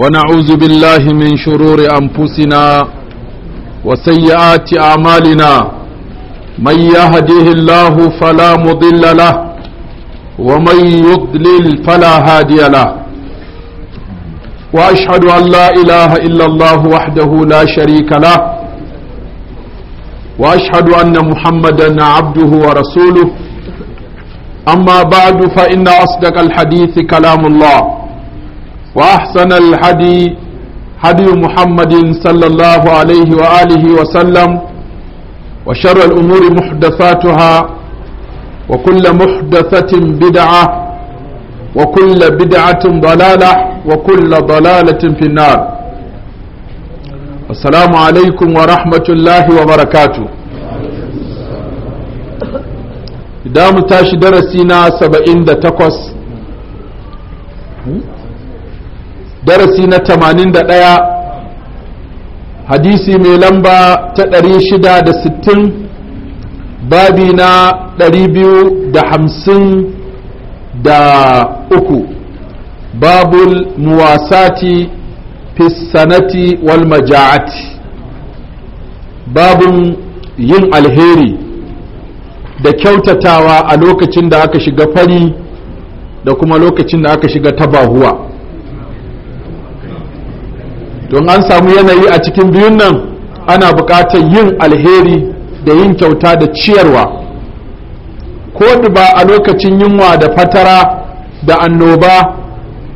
ونعوذ بالله من شرور أنفسنا وسيئات أعمالنا من يهديه الله فلا مضل له ومن يضلل فلا هادي له وأشهد أن لا إله إلا الله وحده لا شريك له وأشهد أن محمدا عبده ورسوله أما بعد فإن أصدق الحديث كلام الله وأحسن الهدي هدي محمد صلى الله عليه وآله وسلم وشر الأمور محدثاتها وكل محدثة بدعة وكل بدعة ضلالة وكل ضلالة في النار السلام عليكم ورحمة الله وبركاته إذا متاش درسنا سبعين تقص darasi na ɗaya hadisi mai lamba ta ɗari sittin babi na uku babul muwasati fissanati wal maja'ati babun yin alheri da kyautatawa a lokacin da aka shiga fari da kuma lokacin da aka shiga tabahuwa don an samu yanayi a cikin biyun nan ana buƙatar yin alheri da yin kyauta da ciyarwa ko ba a lokacin yunwa da fatara da annoba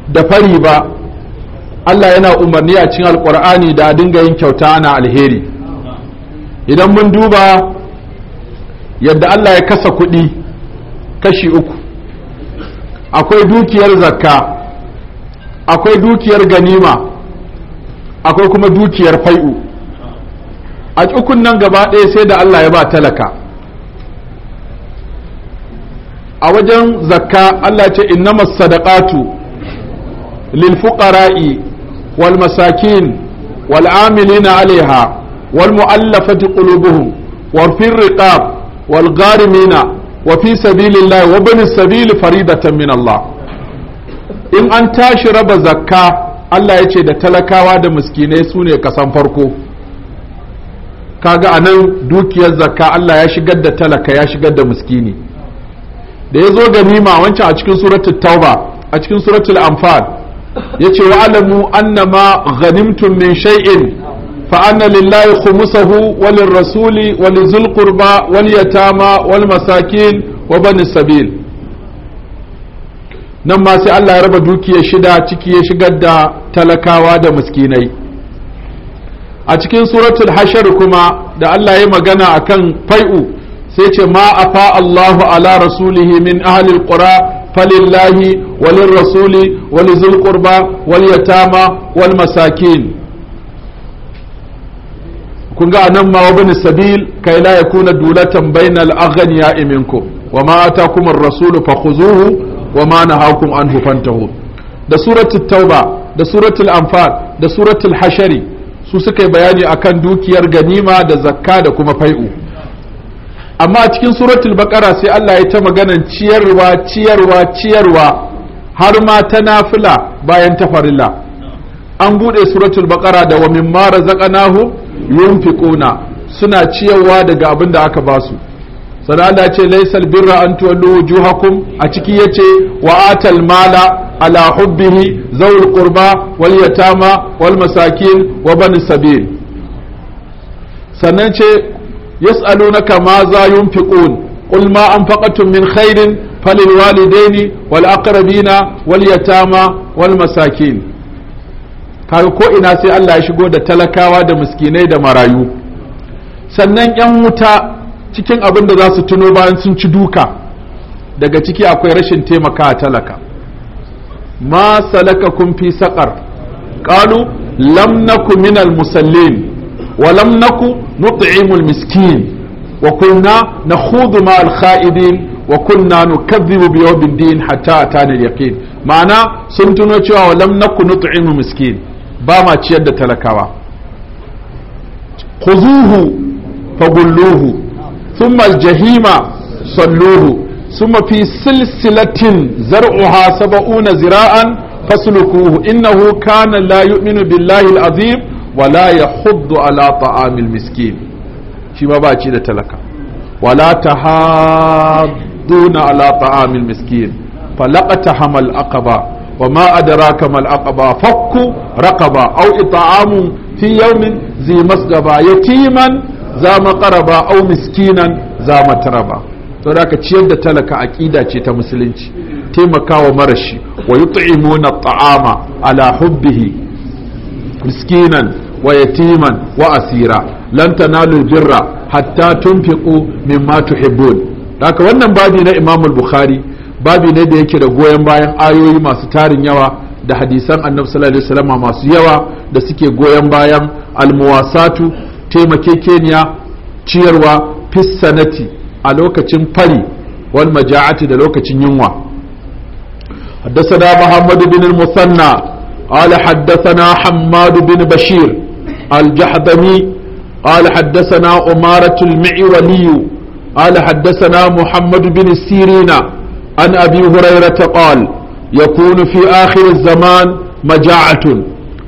da fari ba Allah yana umarni a cikin alkur'ani da a dinga yin kyauta na alheri idan mun duba yadda Allah ya kasa kuɗi kashi uku akwai dukiyar zakka akwai dukiyar ganima akwai kuma dukiyar fai'u a ukun nan gaba ɗaya sai da Allah ya ba talaka a wajen zakka Allah ce innamas sadaqatu lil fuqara'i wal masakin wal amilina 'alayha wal mu'allafati qulubuhum wa fir riqab wal gharimina wa fi sabilillahi wa bani sabil faridatan min Allah in an tashi raba zakka Allah ya ce da talakawa da miskinai su ne kasan farko kaga a nan dukiyar zakka Allah ya shigar da talaka ya shigar da miskini da ya zo ganima wancan a cikin suratul tauba a cikin suratul anfal ya ce wa alamu annama ghanimtum min shay'in fa anna lillahi khumsahu wani rasuli wani qurba wal yatama wani masakin wa bani sabil nan ma sai Allah ya raba dukiyar shida ciki ya shigar da talakawa da miskinai a cikin suratul hashar kuma da Allah ya magana akan fai'u sai ce ma afa Allahu ala rasulihi min ahli qura falillahi walin rasuli walizil qurba wal yatama wal masakin kun ga anan ma wabin sabil kai la yakuna dulatan bainal aghniya minkum wama atakum ar-rasulu fakhuzuhu wama nahakum anhu fantahu da suratul tauba da suratul anfal da suratul hashari su suka yi bayani akan dukiyar ganima da zakka da kuma fai'u amma a cikin suratul baqara sai Allah ya ta maganan ciyarwa ciyarwa ciyarwa har ma ta nafila bayan ta farilla an bude suratul baqara da wa mimma razaqnahu yunfiquna suna ciyarwa daga abin da aka basu sannan Allah ce laisal birra an tuwallu wujuhakum a ciki yace wa atal mala على حبه ذوي القربى واليتامى والمساكين وبني السبيل سننشي يسألونك ماذا ينفقون قل ما أنفقتم من خير فللوالدين والأقربين واليتامى والمساكين kaga ko ina sai Allah ya shigo da talakawa da miskinai da marayu sannan 'yan wuta cikin abin da za su tuno bayan sun ci duka daga ciki akwai rashin taimaka talaka ma salakakum fi saqar qalu lam naku minal musallin wa lam naku nut'imul miskin wa kunna nakhudhu ma al kha'idin wa kunna nukadhibu bi yawmid din hatta atana al ma'ana sun tuno cewa wa lam naku nut'imul miskin ba ma ciyar da talakawa khuzuhu fagulluhu thumma al jahima salluhu ثم في سلسلة زرعها سبعون زراعا فاسلكوه إنه كان لا يؤمن بالله العظيم ولا يحض على طعام المسكين شما باجي تلك ولا تحاضون على طعام المسكين فلقتهم العقبة وما أدراك ما العقبة فك رقبة أو إطعام في يوم ذي مسقبة يتيما ذا مقربة أو مسكينا ذا متربة don haka ciyar da talaka aqida ce ta musulunci taimakawa marashi wa yut'imuna at'ama ala hubbihi miskinan wa yatiman wa asira lan tanalu birra hatta tunfiqu mimma tuhibbun haka wannan babi na Imam al-Bukhari babi ne da yake da goyon bayan ayoyi masu tarin yawa da hadisan annabi sallallahu alaihi wasallam masu yawa da suke goyon bayan al-mawassatu almuwasatu taimakekeniya ciyarwa fissanati a lokacin fari wal maja'ati da lokacin yunwa حدثنا محمد بن المثنى قال حدثنا حماد بن بشير الجحدمي قال حدثنا أمارة المعولي قال حدثنا محمد بن السيرين عن أبي هريرة قال يكون في آخر الزمان مجاعة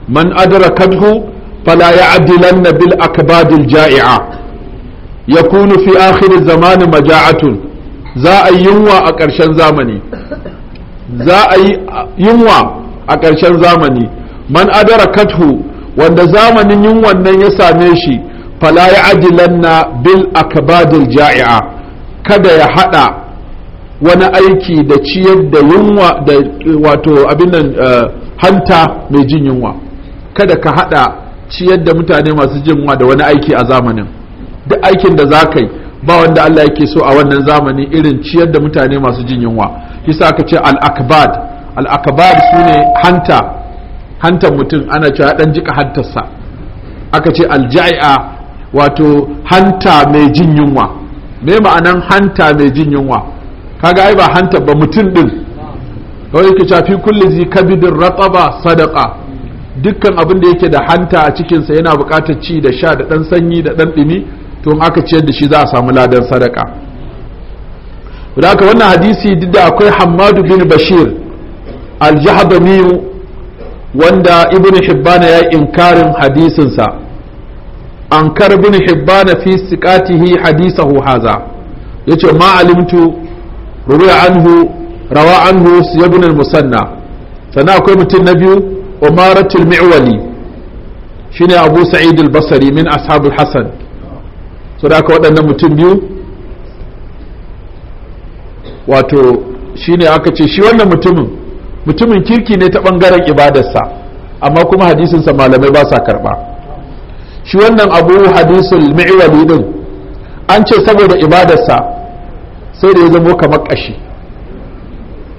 من أدركته فلا يعدلن بالأكباد الجائعة yakunu fi akhir zamanin maja'atun za a yi yunwa a ƙarshen zamani za a yi yunwa a ƙarshen zamani man adara kathu wanda zamanin yunwan nan ya same shi fala ya ajilanna bil akbadil ja'i'a kada ya hada wani aiki da ciyar da yunwa da wato abin nan eh, hanta mai jin yunwa kada ka hada ciyar da mutane masu jin yunwa da wani aiki a zamanin duk aikin da za ka yi ba wanda Allah yake so a wannan zamani irin ciyar da mutane masu jin yunwa yasa aka ce al-akbad al-akbad sune hanta hantar mutum ana cewa dan jika hantarsa aka ce al-ja'i'a wato hanta mai jin yunwa me ma'anan hanta mai jin yunwa kaga ai ba hanta ba mutum din kawai ka ce fi kulli zi kabidin rataba sadaqa dukkan abin da yake da hanta a cikinsa yana buƙatar ci da sha da ɗan sanyi da ɗan ɗumi to aka ciyar da shi za a samu ladan sadaka da haka wannan hadisi duk da akwai hammadu bin bashir aljahabamiyu wanda ibn hibbana ya yi inkarin hadisinsa ankar ibn hibbana fi siqatihi hadisahu haza yace ma alimtu ruwa anhu rawa anhu siyabun al-musanna sannan akwai mutum na biyu umaratul mi'wali shine abu sa'id al-basri min ashabul hasan saboda haka waɗannan mutum biyu wato shine aka ce shi wannan mutumin mutumin kirki ne ta ɓangaren ibadarsa amma kuma hadisinsa malamai ba sa karɓa shi wannan abu hadisul mi'wali din an ce saboda ibadarsa sai da ya zamo kamar ƙashi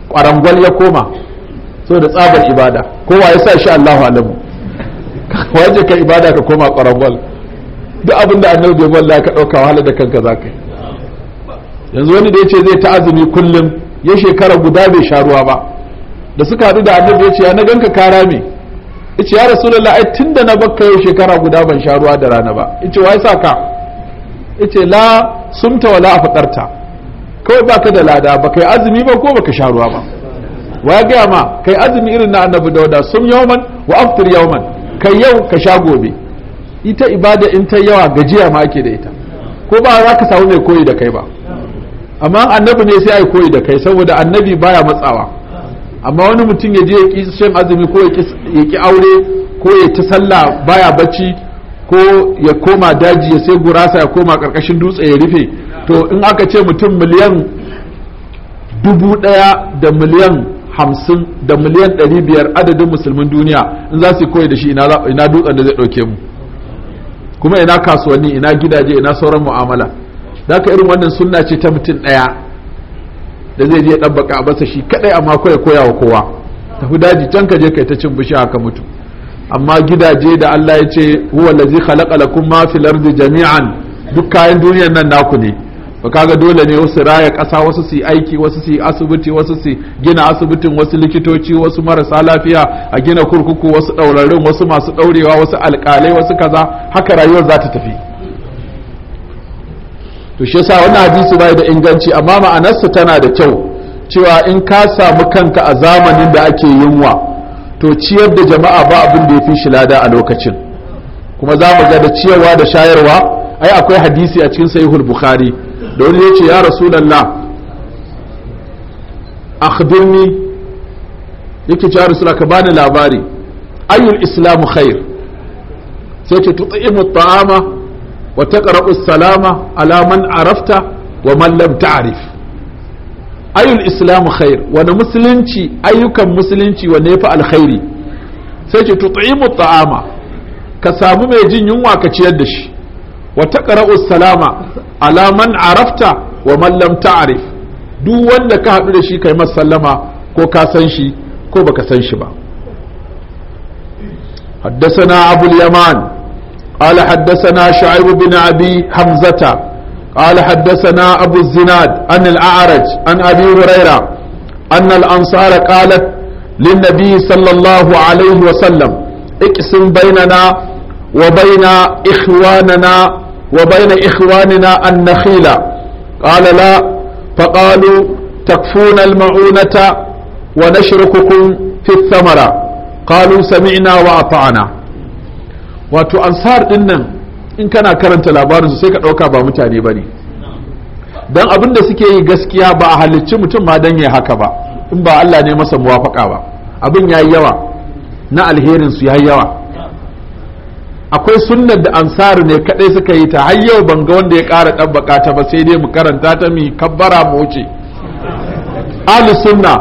ƙwarangwal ya koma saboda tsabar ibada kowa ya sa shi allahu alamu wajen ka ibada ka koma ƙwarangwal duk abin da annabi bai wallahi ka dauka wahala da kanka zaka yanzu wani da yace zai ta azumi kullum ya shekara guda bai sha ruwa ba da suka haɗu da annabi ya ce ya na ganka kara me yace ya rasulullahi ai tunda na bakka yau shekara guda ban sha da rana ba yace wai sa ka yace la sumta wala afqarta kawai baka da lada ba kai azumi ba ko baka sha ruwa ba wa gaya ma kai azumi irin na annabi dauda sum yawman wa aftir yawman kai yau ka sha gobe ita ibada in ta yawa gajiya ma ake da ita ko ba za ka samu mai koyi da kai ba amma annabi ne sai ai koyi da kai saboda annabi baya matsawa amma wani mutum ya je ya ki shan azumi ko ya ki aure ko ya ta sallah baya bacci ko ya koma daji ya sai gurasa ya koma karkashin dutse ya rufe to in aka ce mutum miliyan dubu daya da miliyan hamsin da miliyan ɗari biyar adadin musulmin duniya in za su yi koyi da shi ina dutsen da zai ɗauke mu kuma ina kasuwanni ina gidaje ina sauran mu'amala da ka irin wannan sunna ce ta mutum ɗaya da zai je ɗabbaka a basa shi kaɗai amma ya koya wa kowa tafi daji can ka je kai ta cin bishiya ka mutu amma gidaje da Allah ya ce huwa allazi khalaqa lakum ma fil ardi jami'an duk kayan duniyar nan naku ne ba kaga dole ne wasu raya ƙasa wasu su aiki wasu su asibiti wasu su gina asibitin wasu likitoci wasu marasa lafiya a gina kurkuku wasu ɗaurarin wasu masu ɗaurewa wasu alƙalai wasu kaza haka rayuwar za ta tafi to shi yasa wannan hadisi bai da inganci amma ma'anarsa tana da kyau cewa in ka samu kanka a zamanin da ake yunwa to ciyar da jama'a ba abin da ya fi shi lada a lokacin kuma za mu ga da ciyarwa da shayarwa ai akwai hadisi a cikin sahihul bukhari da wani ya ce ya rasulallah akhbirni a ce ya rasulallah ka bani labari ayyul islamu khair sai ce tuti'imu ta'ama wa taqra'u salama alaman arafta wa Mallam lam ta'rif ayyul islamu khair wani musulunci ayyukan musulunci wanne yafi alkhairi sai ce tuti'imu ta'ama ka samu mai jin yunwa ka ciyar da shi وتقرا السلام alaman من wa ومن لم تعرف duk wanda ka haɗu da shi kai sallama ko ka san shi ko baka san shi ba haddasana abul yaman qala haddasana shu'aib bin abi hamzata qala haddasana abu zinad an a'raj an abi huraira an al ansar qalat lin sallallahu alaihi wa sallam iqsim bainana wa bayna ikhwanana وبين إخواننا النخيل قال لا فقالوا تكفون المعونة ونشرككم في الثمرة قالوا سمعنا وأطعنا wato ansar din nan in kana karanta labarinsu sai ka ɗauka ba mutane ba ne don abin da suke yi gaskiya ba a halicci mutum ma don ya haka ba in ba Allah ne masa muwafaka ba abin ya yi yawa na alherinsu ya yi yawa akwai sunnar da ansaru ne kadai suka yi ta har yau ban ga wanda ya kara ɗabbaka ta ba sai dai mu karanta ta mi kabbara mu wuce ahlu sunna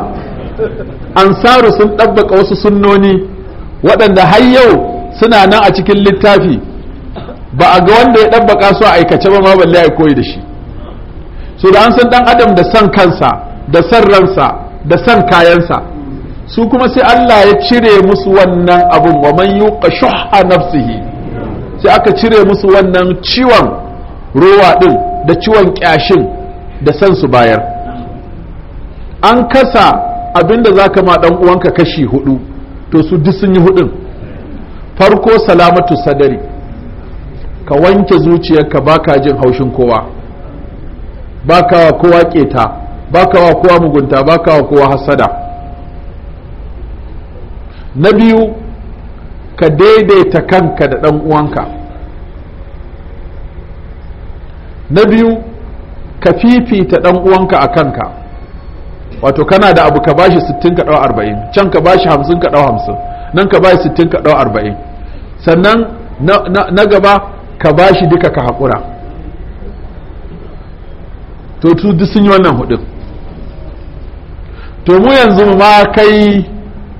ansaru sun ɗabbaka wasu sunnoni waɗanda har yau suna nan a cikin littafi ba a ga wanda ya ɗabbaka su a aikace ba ma balle a koyi da shi so da an san ɗan adam da san kansa da san ransa da san kayansa su kuma sai Allah ya cire musu wannan abun wa man yuqashu shuhha nafsihi sai aka cire musu wannan ciwon ruwa din da ciwon ƙyashin da san su bayar an kasa abinda za ka ma ɗan uwanka kashi hudu to su duk sun yi hudun farko salamatu sadari ka wanke zuciyarka baka jin haushin kowa baka wa kowa keta baka wa kowa mugunta baka wa kowa hasada na biyu ka daidaita kanka da ɗan uwanka na biyu ka fifita ɗan uwanka a kanka wato kana da abu ka bashi 60 ka ɗau 40 can ka bashi 50 ka ɗau 50 nan ka bashi 60 ka ɗau 40 sannan na gaba ka bashi duka ka haƙura to tu duk sun yi wannan hudu to mu yanzu ma kai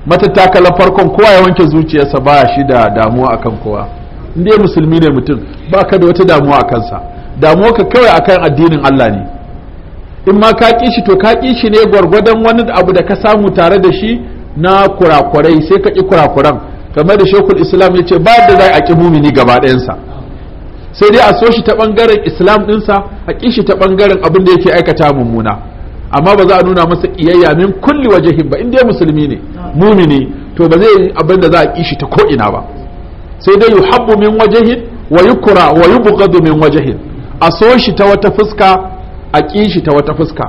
matattakalar farkon kowa ya wanke zuciyarsa ba shi da damuwa akan kowa inda ya musulmi ne mutum ba ka da wata damuwa a kansa damuwa ka kawai akan addinin Allah ne in ma ka ƙi shi to ka ƙi shi ne gwargwadon wani abu da ka samu tare da shi na kurakurai sai ka ƙi kurakuran kamar da shekul islam ya ce ba da za a ƙi mumini gaba ɗayansa sai dai a so shi ta ɓangaren islam ɗinsa a ƙi shi ta ɓangaren abin da yake aikata mummuna amma ba za a nuna masa iyayya min kulli wajihin ba in dai musulmi ne mumini to ba zai yi abin da za a kishi ta ko'ina ba sai dai yuhabbu min wajihin wa yukra wa yubghadu min wajihin a so shi ta wata fuska a kishi ta wata fuska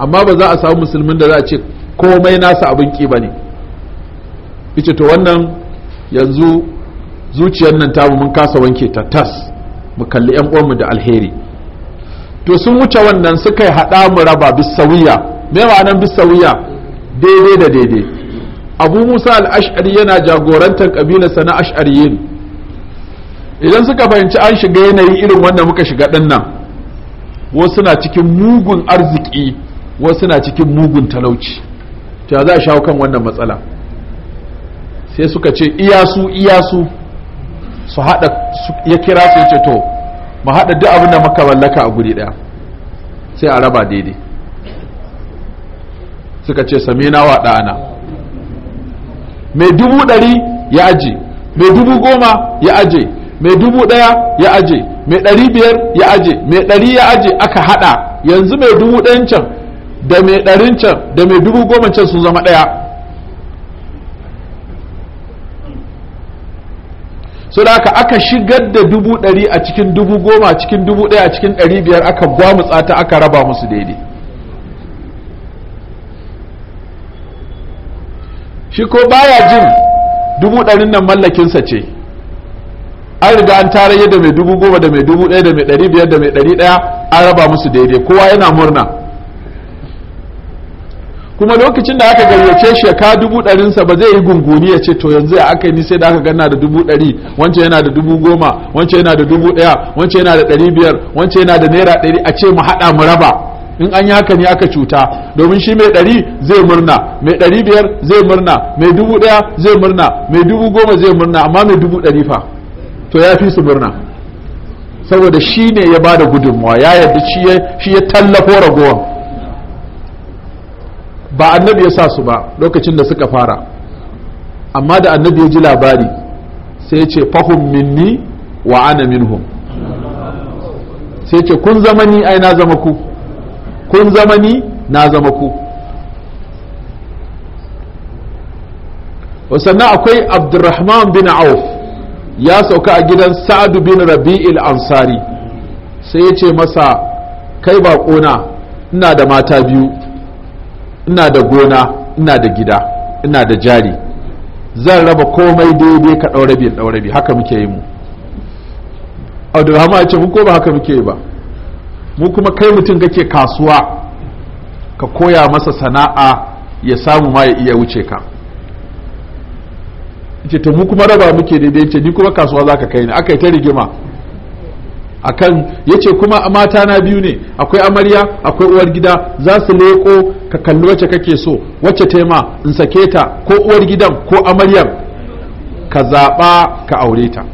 amma ba za a samu musulmin da za a ce komai nasa abin ki bane yace to wannan yanzu zuciyar nan ta mun kasa wanke ta tas mu kalli yan uwanmu da alheri to sun wuce wannan suka yi haɗa mu raba bisawiya me ma'anan bisawiya daidai da daidai abu musa al'ash'ari yana jagorantar ƙabilarsa na ash'ariyin idan suka fahimci an shiga yanayi irin wanda muka shiga nan, wasu na cikin mugun arziki wasu na cikin mugun talauci ta za a shawo kan wannan matsala sai suka ce iyasu iyasu su haɗa ya kira su ce to mu haɗa duk abin da muka mallaka a guri ɗaya sai a raba daidai suka ce samina wa ɗana mai dubu ɗari ya aje mai dubu goma ya aje mai dubu ɗaya ya aje mai ɗari biyar ya aje mai ɗari ya aje aka haɗa yanzu mai dubu ɗayan can da mai ɗarin can da mai dubu goma can sun zama ɗaya so da aka aka shigar da dubu ɗari a cikin dubu goma a cikin dubu ɗaya a cikin ɗari biyar aka gwamutsa ta aka raba musu daidai shi ko baya jin dubu ɗarin nan mallakinsa ce an riga an tarayya da mai dubu goma da mai dubu ɗaya da mai ɗari biyar da mai ɗari ɗaya an raba musu daidai kowa yana murna kuma lokacin da aka gayyace shi ka dubu ɗarinsa ba zai yi gunguni ya ce to yanzu ya aka yi sai da aka gana da dubu ɗari wancan yana da dubu goma wancan yana da dubu ɗaya wancan yana da ɗari biyar wancan yana da naira ɗari a ce mu haɗa mu raba in an yi haka ne aka cuta domin shi mai ɗari zai murna mai ɗari biyar zai murna mai dubu ɗaya zai murna mai dubu goma zai murna amma mai dubu ɗari fa to ya fi su murna saboda shi ne ya ba da gudunmawa ya yarda shi ya tallafo ragowar ba annabi ya sa su ba lokacin da suka fara amma da annabi ya ji labari sai ya ce fahim minni wa ana minhum sai ce kun zama ai na zama ku kun zama na zama ku sannan akwai abdurrahman bin auf ya sauka a gidan Sa'adu bin rabi'il ansari sai ya ce masa kai ba ƙona ina da mata biyu ina da gona ina da gida ina da jari zan raba komai daidai ka ɗaura rabi ɗaura rabi haka muke yi mu Abdullahi ya ce mu ko ba haka muke yi ba mu kuma kai mutum kake kasuwa ka koya masa sana'a ya samu ma ya iya wuce ka ce to mu kuma raba muke daidai ce ni kuma kasuwa zaka kai ni aka yi ta rigima akan yace kuma mata na biyu ne akwai amarya akwai uwar gida za su leko ka kalli wacce kake so wacce tema in sake ta ko uwar gidan ko amaryar ka zaɓa ka aure ta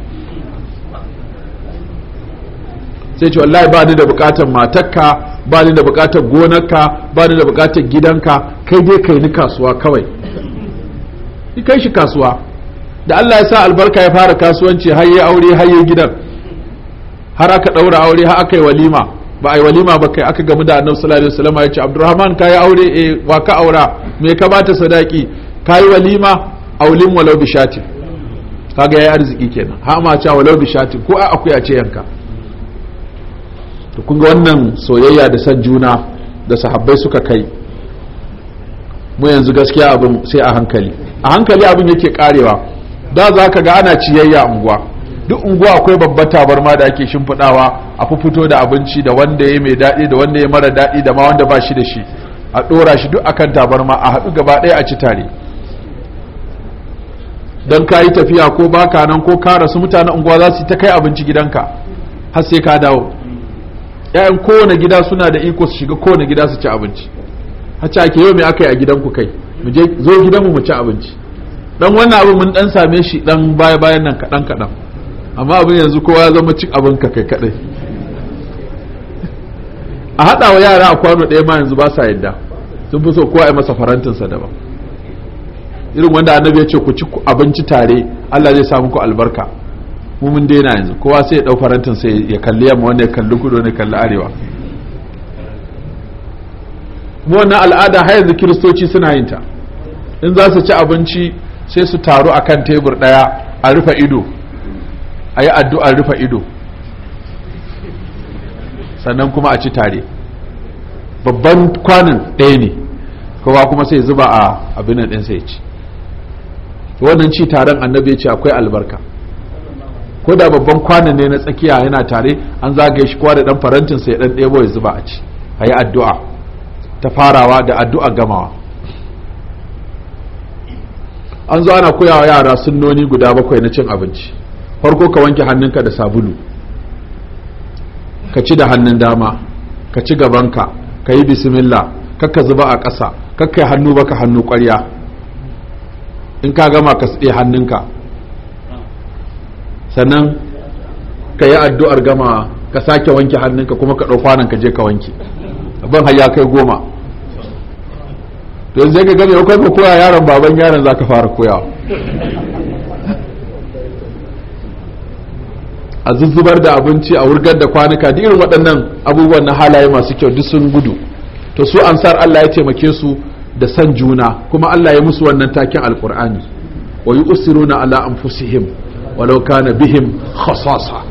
sai ce wallahi ba ni da bukatar matarka ba ni da bukatar gonarka ba ni da bukatar gidanka kai dai kai ni kasuwa kawai ni kai shi kasuwa da Allah ya sa albarka ya fara kasuwanci har yayi aure har yayi gidan har aka daura aure har aka yi walima ba a yi walima ba kai aka gamu da annabi sallallahu alaihi wasallam ya ce abdurrahman yi aure e wa ka aura me ka bata sadaki ka yi walima aulin walau bishatin kaga yayi arziki kenan ha ma cewa walau bishatin ko a akuya ce yanka to kun ga wannan soyayya da san juna da sahabbai suka kai mu yanzu gaskiya abin sai a hankali a hankali abin yake karewa da za ka ga ana ciyayya unguwa duk unguwa akwai babbar tabarma da ake shimfiɗawa a fito da abinci da wanda ya mai daɗi da wanda ya mara daɗi da ma wanda ba shi da shi a ɗora shi duk akan tabarma a haɗu gaba ɗaya a ci tare don ka yi tafiya ko baka nan ko ka rasu mutanen unguwa za su ta kai abinci gidanka har sai ka dawo ‘ya'yan kowane gida suna da iko su shiga kowane gida su ci abinci hacci ake yau me aka yi a gidanku kai mu je zo gidanmu mu ci abinci dan wannan abin mun dan same shi dan baya bayan nan kaɗan kaɗan amma abin yanzu kowa ya zama cin abin ka kai kadai a haɗa wa yara a kwano ɗaya ma yanzu ba sa yadda sun fi so kowa ya masa farantinsa daban irin wanda annabi ya ce ku ci abinci tare Allah zai samu ku albarka mu mun daina yanzu kowa sai ya dau farantin sai ya kalli yamma wanda ya kalli kudu wanda ya kalli arewa mu wannan al'ada har yanzu kiristoci suna yin ta in za su ci abinci sai su taru akan tebur daya a rufe ido a yi addu'ar rufe ido sannan kuma a ci tare babban kwanin ɗaya ne kowa kuma sai zuba a abin ɗin sai ci wannan ci taron annabi ya ce akwai albarka ko da babban kwanan ne na tsakiya yana tare an zagaye shi kowa da ɗan farantin sai ɗan ɗebo ya zuba a ci a yi addu'a ta farawa da addu'a gamawa an zo ana koyawa yara sunnoni guda bakwai na cin abinci farko ka wanke hannunka da sabulu ka ci da hannun dama ka ci gabanka ka yi bismillah kakka zuba a ƙasa kakka hannu baka hannu ƙwarya in ka gama ka tsaye hannunka sannan ka yi addu'ar gama ka sake wanke hannunka kuma ka ɗau kwanan ka je ka wanke ban hayya kai goma to zai ka gane akwai ka koya yaron baban yaron za ka fara koyawa a zuzzubar da abinci a wurgar da kwanuka da irin waɗannan abubuwan na halaye masu kyau duk sun gudu to su ansar Allah ya taimake su da san juna kuma Allah ya musu wannan takin alkur'ani wa yusiruna ala anfusihim walau kana bihim khasasa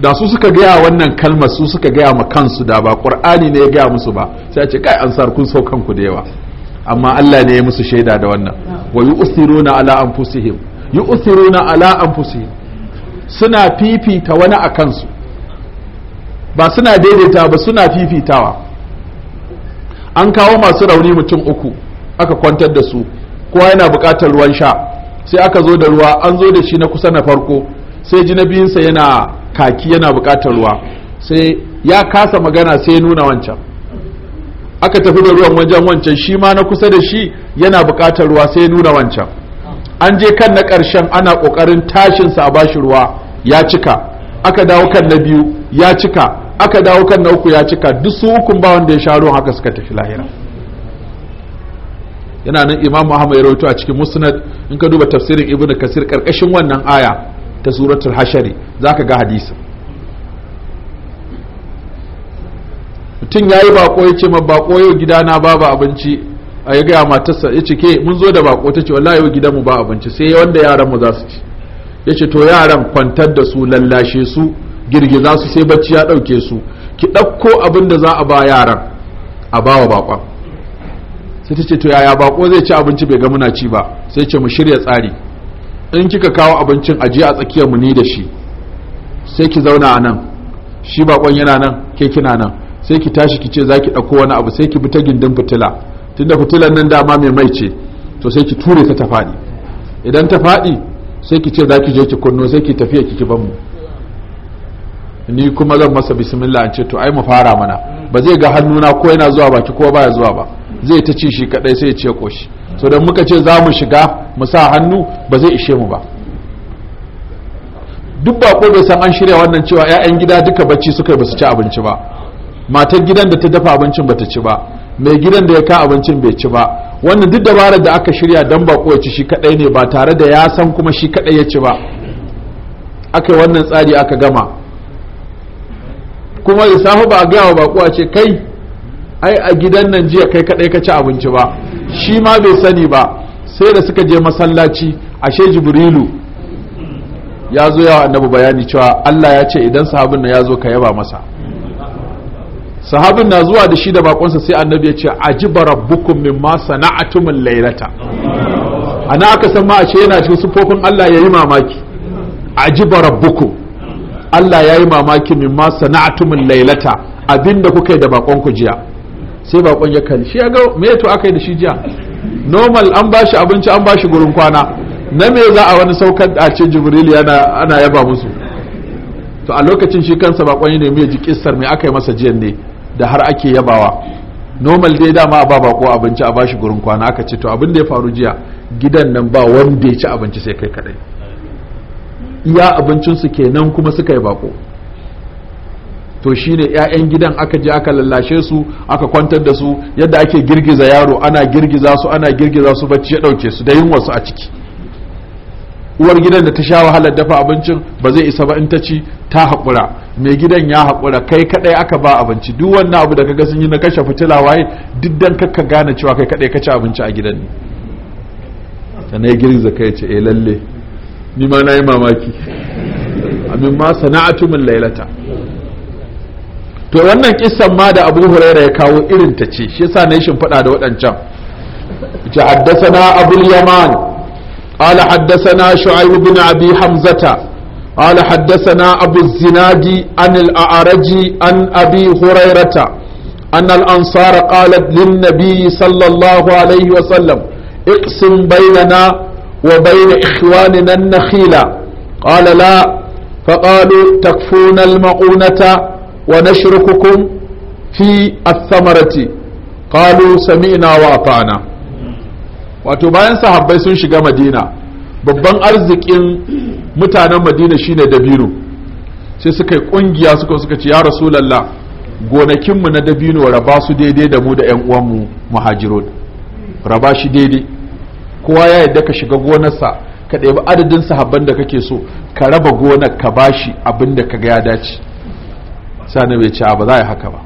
da su suka gaya wannan kalmar su suka gaya ma kansu da ba qur'ani ne ya gaya musu ba sai a ce kai ansar kun so kanku da yawa amma Allah ne ya musu shaida da wannan wa yusiruna ala anfusihim yusiruna ala anfusihim suna fifita wani a kansu ba suna daidaita ba suna fifitawa an kawo masu rauni mutum uku aka kwantar da su kowa yana buƙatar ruwan sha sai aka zo da ruwa an zo da shi na kusa na farko sai ji na biyunsa yana kaki yana buƙatar ruwa sai ya kasa magana sai ya nuna wancan aka tafi da ruwan wajen wancan shi ma na kusa da shi yana buƙatar ruwa sai ya nuna wancan an je kan na ƙarshen ana ƙoƙarin tashinsa a bashi ruwa ya cika aka dawo kan na biyu ya cika aka dawo kan na uku ya cika duk su hukun ba wanda ya sha ruwan haka suka tafi lahira yana nan imam muhammad ya rawaito a cikin musnad in ka duba tafsirin ibnu kasir karkashin wannan aya ta suratul hashari zaka ga hadisin mutum yayi bako ya ce ma bako yau gidana babu abinci a ya gaya matarsa ya ce ke mun zo da bako ta ce wallahi gidan mu ba abinci sai wanda yaran mu za su ci ya ce to yaran kwantar da su lallashe su girgiza su sai bacci ya ɗauke su ki ɗauko abin da za a ba yaran a ba wa bakon sai ta ce to yaya bako zai ci abinci bai ga muna ci ba sai ce mu shirya tsari in kika kawo abincin ajiye a tsakiyar mu ni da shi sai ki zauna a nan shi bakon yana nan ke kina nan sai ki tashi ki ce za ki ɗauko wani abu sai ki bi ta gindin fitila tunda fitilan nan dama mai mai ce to sai ki ture ta ta faɗi idan ta faɗi sai ki ce za ki je ki kunno sai ki tafiya ki ban mu ni kuma zan masa bismillah an ce to ai mu fara mana ba zai ga hannuna ko yana zuwa ba ki ko baya zuwa ba zai ta ci shi kadai sai ya ce koshi so dan muka ce za mu shiga mu sa hannu ba zai ishe mu ba duk ba ko bai san an shirya wannan cewa ƴaƴan gida duka bacci suka ba su ci abinci ba matar gidan da ta dafa abincin ba ta ci ba mai gidan da ya ka abincin bai ci ba wannan duk dabarar da aka shirya dan bako ya ci shi kadai ne ba tare da ya san kuma shi kadai ya ci ba aka wannan tsari aka gama kuma ya ba a gaya wa bako ce kai ai a gidan nan jiya kai kadai ka ci abinci ba shi ma bai sani ba sai da suka je masallaci ashe jibrilu ya zo yawa annabi bayani cewa Allah ya ce idan sahabin nan ya zo ka yaba masa sahabin na zuwa da shi da bakonsa sai annabi ya ce ajiba rabbukum mimma sana'atumul lailata ana aka san ma a ce yana cikin sufofin Allah yayi mamaki ajiba rabbukum Allah yayi mamaki mimma sana'atumul lailata abinda kuka yi da bakon ku jiya sai bakon ya kalli shi ya ga me to aka yi da shi jiya normal an bashi abinci an bashi gurin kwana na me za a wani saukar a ce jibril yana ana yaba musu to a lokacin shi kansa bakon ne ya ji kissar mai aka yi masa jiyan ne da har ake yabawa normal dai dama a ba bako abinci a bashi gurin kwana aka ce to abin da ya faru jiya gidan nan ba wanda ya ci abinci sai kai kadai iya abincinsu kenan kuma suka yi bako to shine 'ya'yan gidan aka je aka lallashe su aka kwantar da su yadda ake girgiza yaro ana girgiza su ana girgiza su bacci ya ɗauke su da yin wasu a ciki uwar gidan da ta sha wahalar dafa abincin ba zai isa ba in ta ci ta haƙura mai gidan ya haƙura kai kaɗai aka ba abinci duk wannan abu da kaga sun yi na kashe fitila waye duk dan kakka gane cewa kai kaɗai ka ci abinci a gidan ne sannan ya zaka ya ce eh lalle ni ma na yi mamaki amin ma sana'atu min lailata to wannan kissan ma da abu huraira ya kawo irin ta ce shi yasa na yi shimfiɗa da waɗancan ce haddasa na abul yaman قال حدثنا شعيب بن أبي حمزة قال حدثنا أبو الزناد عن الأعرج عن أبي هريرة أن الأنصار قالت للنبي صلى الله عليه وسلم اقسم بيننا وبين إخواننا النخيل قال لا فقالوا تكفون المؤونة ونشرككم في الثمرة قالوا سمعنا وأطعنا wato bayan sahabbai sun shiga madina babban arzikin mutanen madina shine dabino sai suka yi kungiya suka suka ce ya rasulallah gonakinmu na dabino raba su daidai da mu da 'yan uwanmu muhajirun raba shi daidai kowa ya yadda ka shiga gonarsa ka ɗebi adadin sahabban da kake so ka raba gonar ka bashi abin da ka ga ya dace sani bai ci ba za a yi haka ba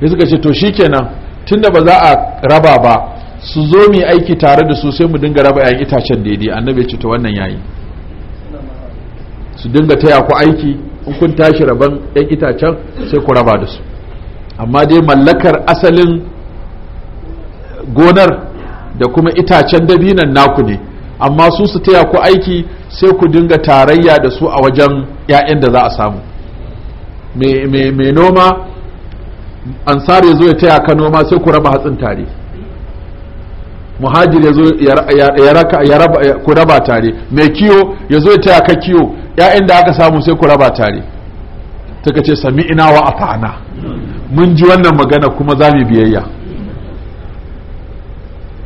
ya suka ce to shi shikenan tunda ba za a raba ba su zo mu aiki tare da su sai mu dinga raba yayin itacen daidai annabi ya ce to wannan yayi su dinga taya ku aiki in kun tashi raban yan itacen sai ku raba da su amma dai mallakar asalin gonar da kuma itacen dabinan naku ne amma su su taya ku aiki sai ku dinga tarayya da su a wajen 'ya'yan da za a samu mai noma ansar ya zo ya taya ka noma sai ku raba hatsin tare muhajir ya zo ya ku raba tare mai kiyo ya zo ya taya ka kiyo Ya'yan da aka samu sai ku raba tare ka ce sami ina wa afana mun ji wannan magana kuma za mu biyayya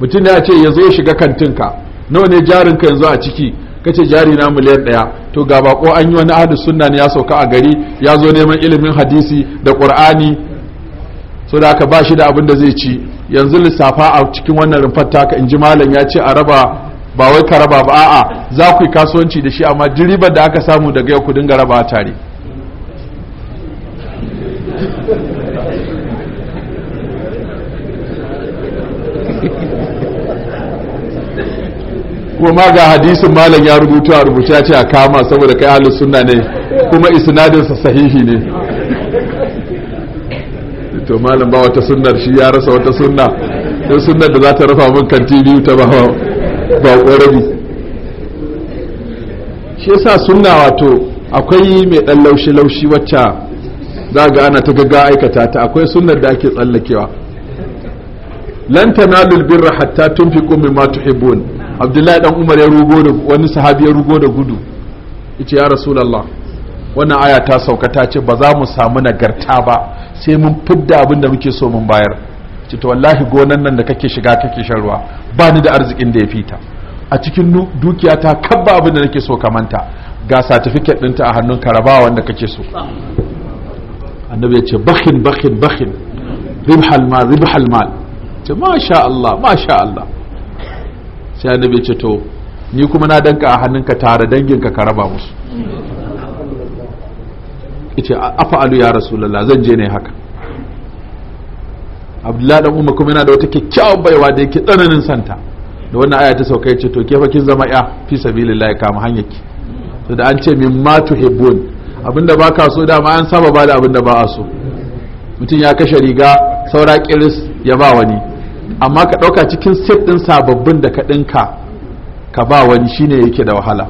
mutum ya ce ya zo shiga kantinka nawa ne jarinka yanzu a ciki kace jari na miliyan ɗaya to ga bako an yi wani ahadu sunna ne ya sauka a gari ya zo neman ilimin hadisi da ƙur'ani so da aka ba shi da abin da zai ci yanzu lissafa a cikin wannan rumfar taka in ji malam ya ce a raba ba wai ka raba ba a'a za ku yi kasuwanci da shi amma diribar da aka samu daga yau ku dinga raba tare kuma ga hadisin malam ya rubuta a rubuta ce a kama saboda kai ahlus sunna ne kuma isnadinsa sahihi ne to malam ba wata sunnar shi ya rasa wata sunna sai sunnar da za ta rafa min kanti biyu ta ba ba ƙorabi shi yasa sunna wato akwai mai ɗan laushi laushi wacce za ga ana ta gaggawa aikata ta akwai sunnar da ake tsallakewa lan tanalul birra hatta tunfiqu mimma tuhibbun abdullahi dan umar ya rugo da wani sahabi ya rugo da gudu yace ya rasulullah wannan aya ta sauka ta ce ba za mu samu nagarta ba sai mun fidda abin da muke so mun bayar ce to wallahi gonan nan da kake shiga kake shan ruwa ba ni da arzikin da ya fita a cikin dukiya ta kabba abin da nake so kamanta ga certificate ɗinta a hannun karaba wanda kake so annabi ya ce bakhin bakhin bakhin ribhal mal ribhal mal ce masha Allah masha Allah sai annabi ya ce to ni kuma na danka a hannunka tare danginka ka raba musu yace afa'alu ya rasulullah zan je ne haka abdullahi dan umar kuma yana da wata kyakkyawan baiwa da yake tsananin santa da wannan aya ta sauka yace to ke fa kin zama ya fi sabilillah kama hanyarki to da an ce min matu tuhibbun abinda ba ka so dama an saba ba da abinda ba a so mutum ya kashe riga saura kiris ya ba wani amma ka ɗauka cikin set ɗin sababbin da ka ɗinka ka ba wani shi ne yake da wahala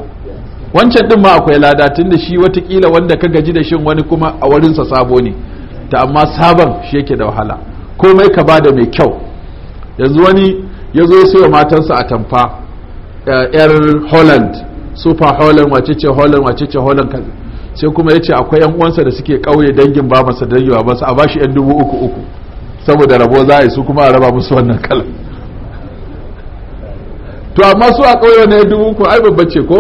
wancan din ma akwai lada tun da shi watakila wanda ka gaji da shin wani kuma a warinsa sabo ne ta amma sabon shi yake da wahala komai ka bada mai kyau yanzu wani ya zo sai wa matansa a tamfa eh, yar holland super holland wace ce holland wace ce holland sai kuma yace ce akwai yan uwansa da suke kauye dangin ba masa dangin ba a bashi yan dubu uku uku saboda rabo za a yi su kuma a raba musu wannan kalan to amma su a ƙauye na dubu uku ai babba ko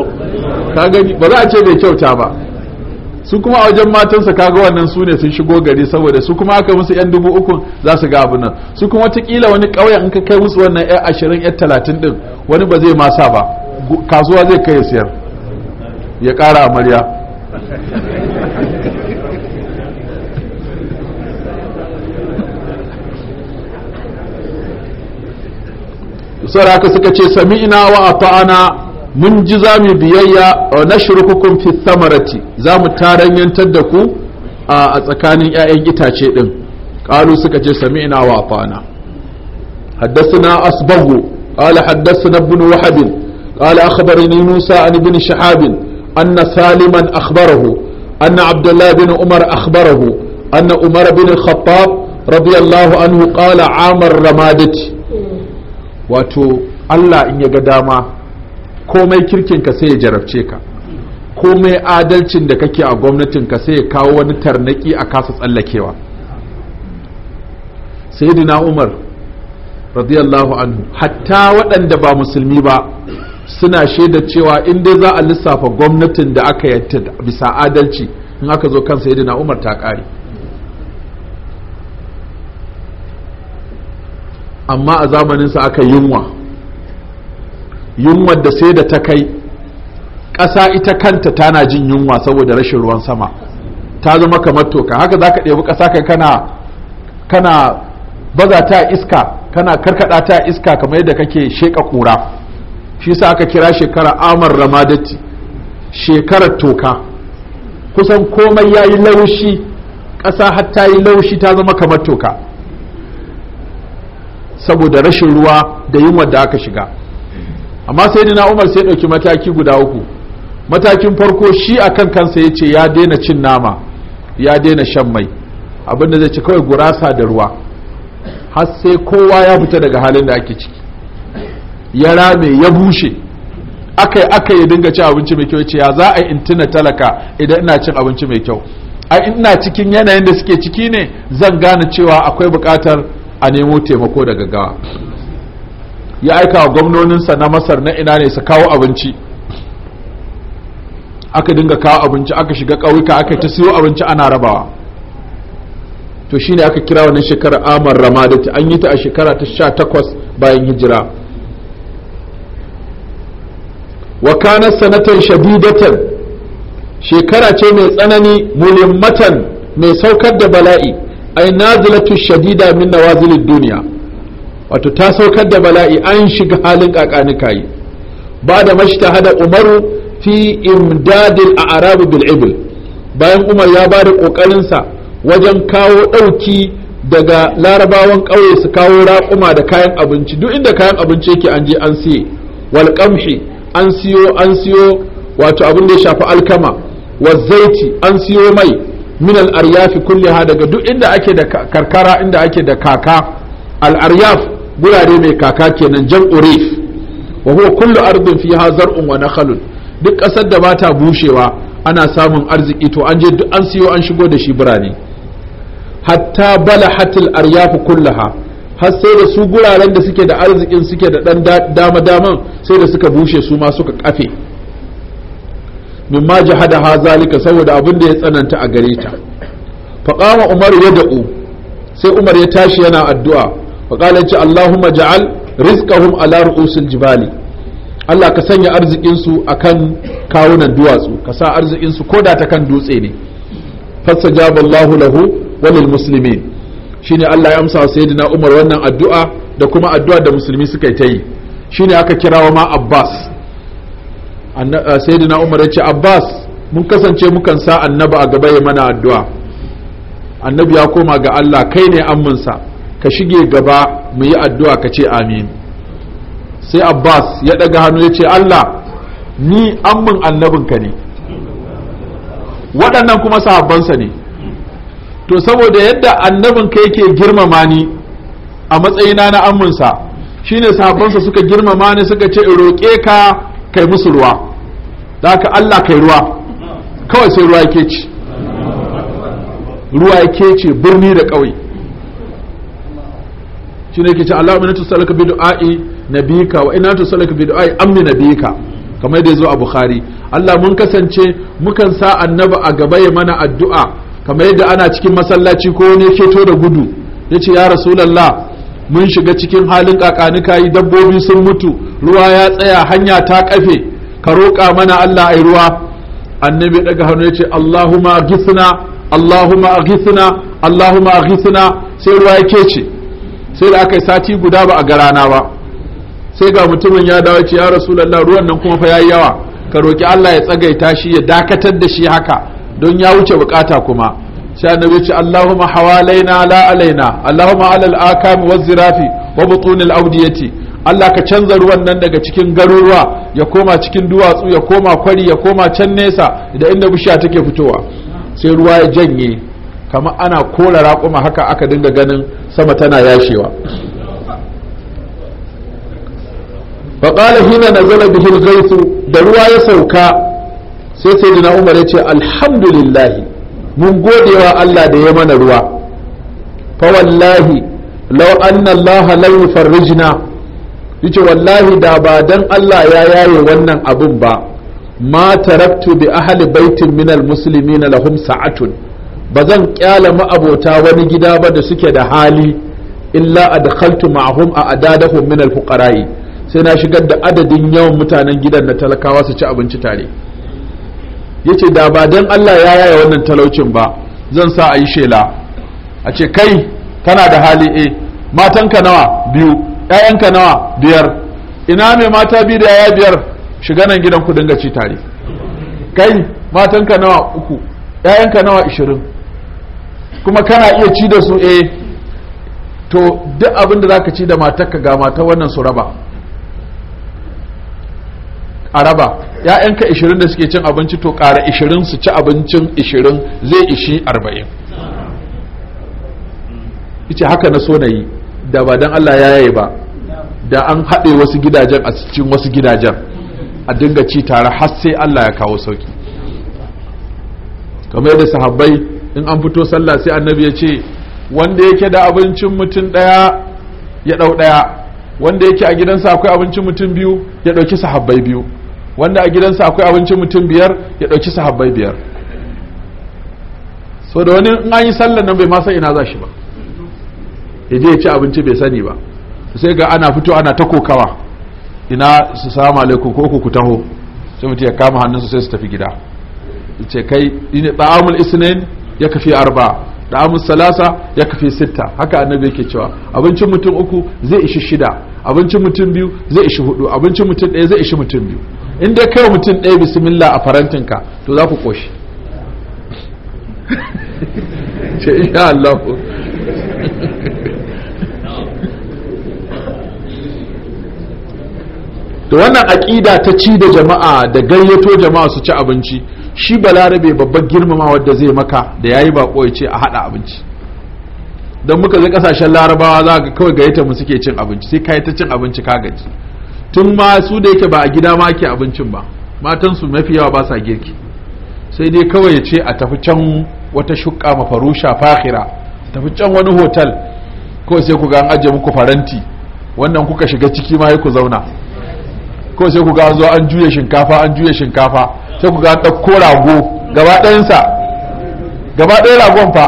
ka gani ba za a ce bai kyauta ba su kuma a wajen matansa kaga wannan su ne sun shigo gari saboda su kuma aka musu yan dubu uku za su ga abin nan su kuma watakila wani ƙauyen in ka kai musu wannan yan ashirin yan talatin din wani ba zai masa ba kasuwa zai kai ya siyar ya ƙara amarya saraka haka suka ce sami'na wa ata'ana mun ji za mu biyayya wa nashrukukum fi thamarati za mu taranyantar da ku a tsakanin 'ya'yan itace din qalu suka ce sami'na wa ata'ana haddathana asbahu qala haddathana ibn wahab qala akhbarani musa an ibn shahab anna saliman akhbarahu anna abdullah bin umar akhbarahu anna umar bin khattab رضي الله عنه قال عام wato Allah in ya ga dama komai kirkinka sai ya jarabce ka komai adalcin da kake a gwamnatinka sai ya kawo wani tarnaki a kasa tsallakewa sayyidina umar radiyallahu anhu hatta waɗanda ba musulmi ba suna shaidar cewa in dai za a lissafa gwamnatin da aka yadda bisa adalci in aka zo kan sayyidina umar ta ƙare amma a zamanin zamaninsa aka yunwa yunwa da sai da ta kai ƙasa ita kanta tana jin yunwa saboda rashin ruwan sama ta zama kamar toka haka za ka ɗebi ƙasa kai kana kana baza ta iska kana karkada ta iska kamar yadda kake sheƙa ƙura shi sa aka kira shekara amar ramadati shekarar toka kusan komai ya yi laushi ƙasa har ta yi laushi ta zama kamar toka saboda rashin ruwa da yunwar da aka shiga amma sai na umar sai ɗauki mataki guda uku matakin farko shi a kan kansa ya ce ya daina cin nama ya daina shan mai abinda zai ci kawai gurasa da ruwa har sai kowa ya fita daga halin da ake ciki ya rame ya bushe aka yi aka yi dinga cin abinci mai kyau ya ce ya za a in talaka idan ina cin abinci mai kyau a ina cikin yanayin da suke ciki ne zan gane cewa akwai bukatar a nemo taimako da gaggawa ya aika wa gwamnoninsa na masar na ina ne su kawo abinci aka dinga kawo abinci aka shiga ƙauyuka aka ta siyo abinci ana rabawa to shi ne aka kira wannan shekarar amar ramadati an yi ta a shekara ta sha takwas bayan hijira wa kanat sanatan shadidatan shekara ce mai tsanani mulimmatan mai saukar da bala'i ai nazilatu shadida min nawazil duniya wato ta saukar da bala'i an shiga halin kakanika yi ba da mashita hada umaru fi imdadil a'rabu bil ibil bayan umar ya bada da kokarin sa wajen kawo dauki daga larabawan ƙauye su kawo raƙuma da kayan abinci duk inda kayan abinci yake an je an siye wal qamhi an siyo an siyo wato abin da ya shafi alkama wa zaiti an siyo mai min al-aryafi kulliha daga duk inda ake da karkara inda ake da kaka al-aryaf gurare mai kaka kenan jan rif wa huwa kullu ardin fiha zar'un wa nakhlun duk ƙasar da ba ta bushewa ana samun arziki to an je duk an siyo an shigo da shi birane hatta balahatil aryafu kullaha har sai da su guraren da suke da arzikin suke da dan dama daman sai da suka bushe su ma suka kafe mimma jahadaha zalika saboda abin da ya tsananta a gare ta faqama umar ya sai umar ya tashi yana addu'a faqala ce allahumma ja'al rizqahum ala ru'usil jibali Allah ka sanya arzikin su akan kawunan duwatsu ka sa arzikin su koda ta kan dutse ne fastajaba Allahu lahu wa lil muslimin shine Allah ya amsa wa sayyidina Umar wannan addu'a da kuma addu'a da musulmi suka yi ta yi shine aka kirawa ma Abbas Eh, sayyidina umar yace abbas mun kasance mukan sa annabi a gaba ya mana addu'a annabi ya koma ga allah kai ne amminsa ka shige gaba mu yi addu'a ka ce amin sai abbas ya daga hannu ya ce allah ni ammin annabinka ne waɗannan kuma sa ne to saboda yadda annabin ka yake girmama ni a matsayina na amminsa shine sa suka girmama ni suka ce in roƙe ka kai musu ruwa da haka Allah kai ruwa kawai sai ruwa yake ci ruwa yake ce birni da ƙauye shi ne ke ce Allah minatu salaka bi du'a'i nabika wa inatu salaka bi du'a'i amni nabika kamar da ya a Bukhari Allah mun kasance mukan sa annaba a gaba ya mana addu'a kamar yadda ana cikin masallaci ko wani keto da gudu yace ya rasulullah mun shiga cikin halin kakanika yi dabbobi sun mutu ruwa ya tsaya hanya ta kafe ka roƙa mana Allah ai ruwa annabi daga hannu yace ce Allahumma aghithna Allahumma aghithna Allahumma aghithna sai ruwa yake ce sai da aka yi sati guda ba a ga rana ba sai ga mutumin ya dawo ce ya rasulullahi ruwan nan kuma fa yayi yawa ka roki Allah ya tsagaita shi ya dakatar da shi haka don ya wuce bukata kuma sai annabi ce Allahumma hawalaina la alaina Allahumma alal akami waz zirafi wa butunil awdiyati Allah ka canza ruwan nan daga cikin garuruwa ya koma cikin duwatsu ya koma kwari ya koma can nesa da inda bishiya take fitowa sai ruwa ya janye kamar ana kora raƙuma haka aka dinga ganin sama tana yashewa faƙala hina na zala bihil gaisu da ruwa ya sauka sai sai na umar ya ce alhamdulillah mun godewa Allah da ya mana ruwa fa wallahi law anna Allah la yufarrijna yace wallahi da ba dan Allah ya yaye wannan abun ba ma taraktu bi ahli baitin minal muslimina lahum sa'atun ba zan kyala ma'abota wani gida ba da suke da hali illa adkhaltu ma'hum a adadahum minar fuqara'i sai na shigar da adadin yawan mutanen gidan na talakawa su ci abinci tare yace da ba dan Allah ya yaye wannan talaucin ba zan sa a yi shela a ce kai kana da hali eh matanka nawa biyu ƴaƴanka nawa biyar ina mai mata biyu da yaya biyar shiga nan gidan ku dinga ci tare kai matanka nawa uku ƴaƴanka nawa ishirin kuma kana iya ci da su eh to duk abin da zaka ci da matarka ga mata wannan su raba a raba ‘ya'yanka ishirin da suke cin abinci to ƙara ishirin su ci abincin ishirin zai ishi arba'in? ita haka na so na yi da ba dan Allah ya yaye ba da an haɗe wasu gidajen a cikin wasu gidajen a dinga ci tare har sai Allah ya kawo sauki kamar yadda sahabbai in an fito sallah sai annabi ya ce wanda yake da abincin mutum ɗaya ya ɗau ɗaya wanda yake a gidansa akwai abincin mutum biyu ya ɗauki sahabbai biyu wanda a gidansa akwai abincin mutum biyar ya ɗauki sahabbai biyar so da wani in an yi sallar nan bai ma san ina za shi ba ya je ya ci abinci bai sani ba sai ga ana fito ana ta kokawa ina su sama alaikum ko ku taho sai mutum ya kama hannunsa sai su tafi gida ce kai ina ta'amul isnain ya kafi arba ta'amul salasa ya kafi sitta haka annabi yake cewa abincin mutum uku zai ishi shida abincin mutum biyu zai ishi hudu abincin mutum ɗaya zai ishi mutum biyu in dai kai mutum ɗaya bismillah a farantinka to za ku koshi ce insha Allah to wannan aƙida ta ci da jama'a da gayyato jama'a su ci abinci shi balarabe babbar girmamawar da zai maka da yayi bako ya ce a haɗa abinci don muka zai kasashen larabawa za ka kawai gayyata mu suke cin abinci sai kai ta cin abinci ka gaji tun ma su da yake ba a gida ma ke abincin ba matan su mafi yawa ba sa girki sai dai kawai ya ce a tafi can wata shuka mafarusha fakhira tafi can wani hotel kawai sai ku ga an ajiye muku faranti wannan kuka shiga ciki ma ku zauna ko sai ku ga an zo an juya shinkafa an juya shinkafa sai ku ga an ɗauko rago gaba ɗayansa gaba ɗaya ragon fa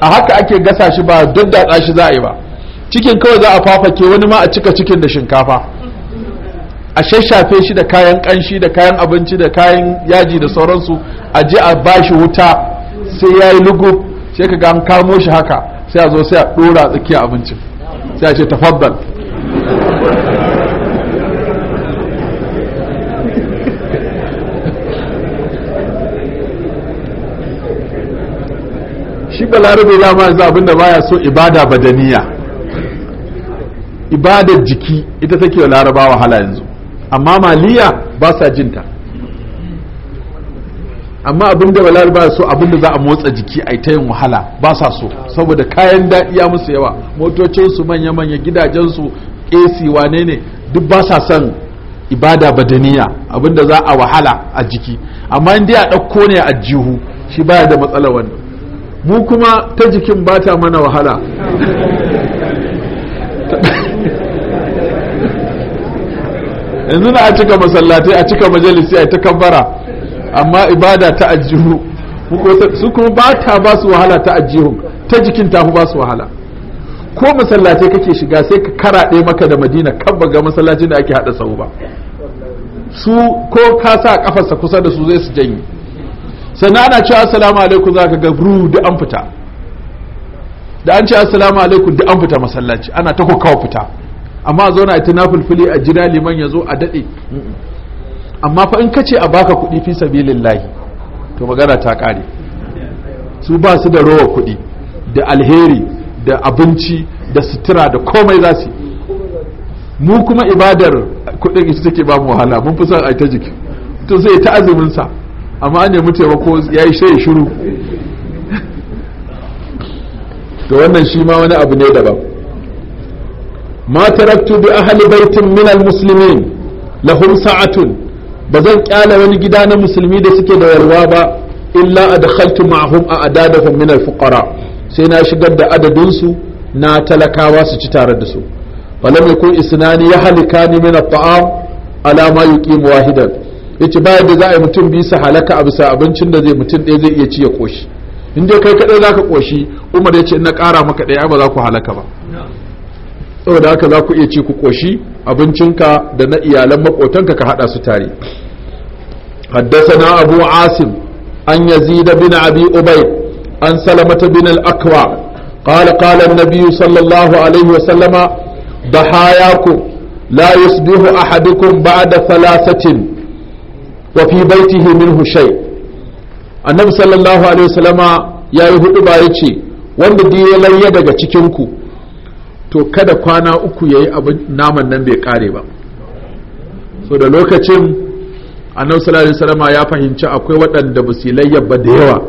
a haka ake gasa shi ba duk da shi za a yi ba cikin kawai za a fafake wani ma a cika cikin da shinkafa a shashafe shi da kayan kanshi da kayan abinci da kayan yaji da sauransu a je a bashi wuta sai ya yi lugu sai ka ga an kamo shi haka sai a zo sai a ɗora tsakiya abincin sai a ce tafaddal shi balarabe ma yanzu abinda baya so ibada badaniya ibadar jiki ita take wa laraba wahala yanzu amma maliya ba sa jinta amma abinda laraba so abinda za a motsa jiki a ta yin wahala ba sa so saboda kayan daɗi ya musu yawa motocinsu manya-manya gidajensu AC wane ne duk ba sa son ibada badaniya abinda za a wahala a jiki amma in dai a ɗauko ne a jihu shi baya da matsalar wannan mu kuma ta jikin ba ta mana wahala yanzu na a cika masallatai a cika majalisi a ta kambara amma ibada ta ajihu su kuma ba ta ba su wahala ta ajihun ta jikin ta ba su wahala ko masallatai kake shiga sai ka karaɗe maka da madina kan ga masallacin da ake haɗa sau ba su ko ka sa kafarsa kusa da su zai su janye sannan ana cewa assalamu alaikum ka ga ru da an fita da an ce assalamu alaikum da an fita masallaci ana ta kokawa fita amma a zauna ita nafulfuli a jira liman ya zo a daɗe amma fa in ka ce a baka kuɗi fi sabilillahi to magana ta ƙare su ba su da rowa kuɗi da alheri da abinci da sutura da komai za su mu kuma ibadar kuɗin ita take ba mu wahala mun fi son a ta jiki to sai ta azumin sa amma an nemi taimako ya yi sai shiru to wannan shi ma wani abu ne daban ma taraktu bi ahli baitin min almuslimin lahum sa'atun zan kyala wani gida na musulmi da suke da yalwa ba illa adkhaltu ma'hum a adadahum min alfuqara sai na shigar da adadin su na talakawa su ci tare da su falam yakun isnani ya halikani min at-ta'am ala ma mu wahidan yace ba da za a yi mutum biyu sa halaka a bisa abincin da zai mutum ɗaya zai iya ci ya koshi in dai kai kaɗai zaka koshi Umar yace in na ƙara maka ɗaya ba za ku halaka ba saboda haka za ku iya ci ku koshi abincinka da na iyalan maƙotanka ka haɗa su tare حدثنا أبو عاصم أن يزيد بن أبي أبيد عن سلمة بن الأكوع قال قال النبي صلى الله عليه وسلم ضحاياكم لا يصبح أحدكم بعد ثلاثة wa fi baitihi minhu shay annabi sallallahu alaihi yi huɗu ba yace wanda dai ya layya daga cikin ku to kada kwana uku yayi abin naman nan bai kare ba so da lokacin annabi sallallahu alaihi wasallama ya fahimci akwai waɗanda ba su layya ba da yawa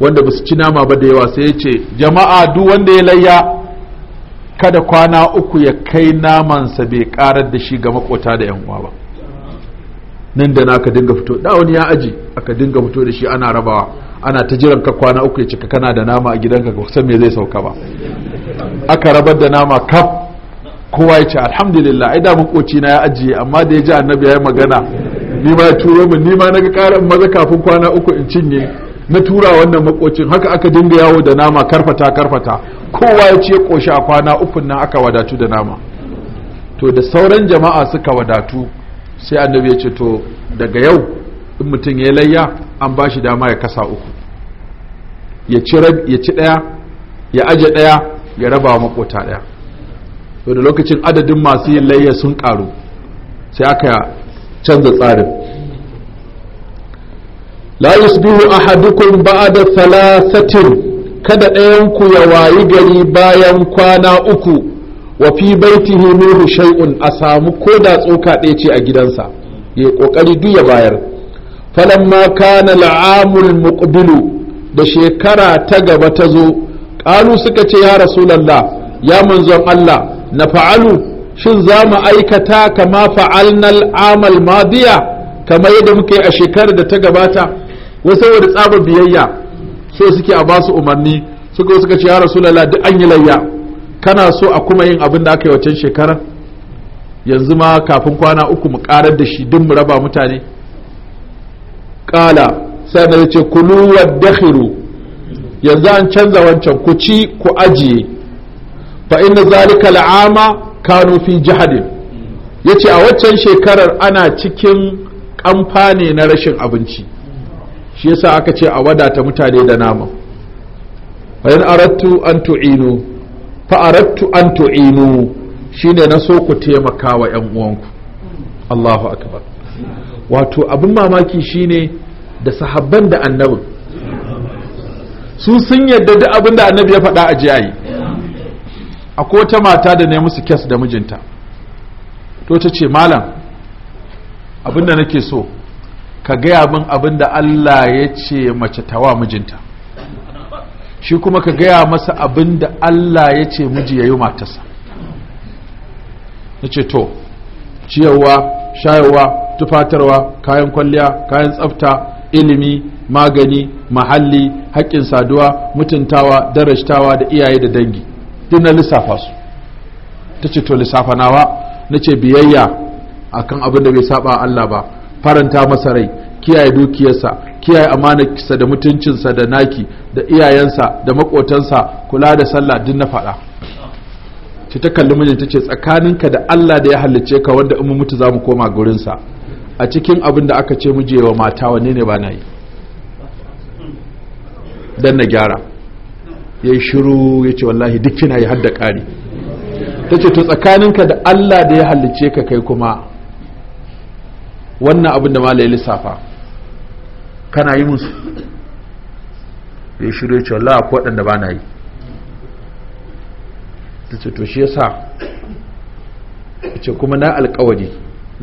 wanda ba su ci nama ba da yawa sai yace jama'a duk wanda ya layya kada kwana uku ya kai namansa bai karar da shi ga makota da 'yan uwa ba nan da na dinga fito da wani ya aji aka dinga fito da shi ana rabawa ana ta jiran ka kwana uku ya cika kana da nama a gidanka ka san me zai sauka ba aka rabar da nama kaf kowa ya ce alhamdulillah ai da makoci na ya ajiye amma da ya ji annabi ya yi magana ni ma ya turo min ni ma naga karin maza kafin kwana uku in cinye na tura wannan makocin haka aka dinga yawo da nama karfata karfata kowa ya ce koshi a kwana uku nan aka wadatu da nama to da sauran jama'a suka wadatu sai annabi ya ce to daga yau in mutum ya layya an ba shi dama ya kasa uku ya ci ɗaya ya aje ɗaya ya raba wa makota ɗaya to da lokacin adadin masu yin layya sun ƙaru sai aka canza tsarin la yusbihu ahadukum ba'da thalathatin kada ɗayan ku ya wayi gari bayan kwana uku wa fi baitihi minhu shay'un a samu ko da tsoka ɗaya ce a gidansa ya kokari duk ya bayar falamma kana al'amul muqbilu da shekara ta gaba ta zo ƙalu suka ce ya rasulullah ya manzon Allah na fa'alu shin za mu aikata kama fa'alnal amal madiya kamar yadda muke a shekarar da ta gabata wasu saboda tsaba biyayya so suke a basu umarni suka suka ce ya rasulallah duk an yi layya kana so a kuma yin abin da aka yi wancan shekarar yanzu ma kafin kwana uku mu karar da shi duk mu raba mutane kala sai da ce kulu dakhiru yanzu an canza wancan ku ci ku ajiye fa inna zalika al'ama kanu fi jahadin yace a waccan shekarar ana cikin kamfa na rashin abinci shi yasa aka ce a wadata mutane da nama fa in aradtu an tu'inu fa'arattu an tu'inu shine na so ku taimaka wa ‘yan uwanku Allahu akbar wato abin mamaki shine da sahabban da annabin su sun yadda da abin da annabi ya faɗa a jiyayi akwai wata mata da ne musu kes da mijinta to ta ce malam abin da nake so ka gaya min abin da Allah ya ce mace tawa mijinta shi kuma ka gaya masa abin da Allah ya ce miji ya yi matasa. na ce to ciyarwa shayarwa tufatarwa kayan kwalliya kayan tsafta ilimi magani mahalli haƙƙin saduwa mutuntawa darajtawa da iyaye da dangi duk na lissafa su ta ce to lissafa nawa na ce biyayya akan abin da bai saba Allah ba faranta masa rai kiyaye dukiyarsa kiyaye amanarsa da mutuncinsa da naki da iyayensa da makotansa kula da sallah duk na faɗa ce ta kalli mijin ta ce tsakaninka da Allah da ya halicce ka wanda in mu mutu za mu koma gurinsa a cikin abin da aka ce muje wa mata wanne ne ba na yi dan na gyara ya yi shiru ya ce wallahi duk kina yi hadda ƙari ta ce to tsakaninka da Allah da ya halicce ka kai kuma wannan abin da mala ya lissafa kana yi musu ya shirya ce wallah ko waɗanda ba na yi ta ce to shi ya sa ce kuma na alkawari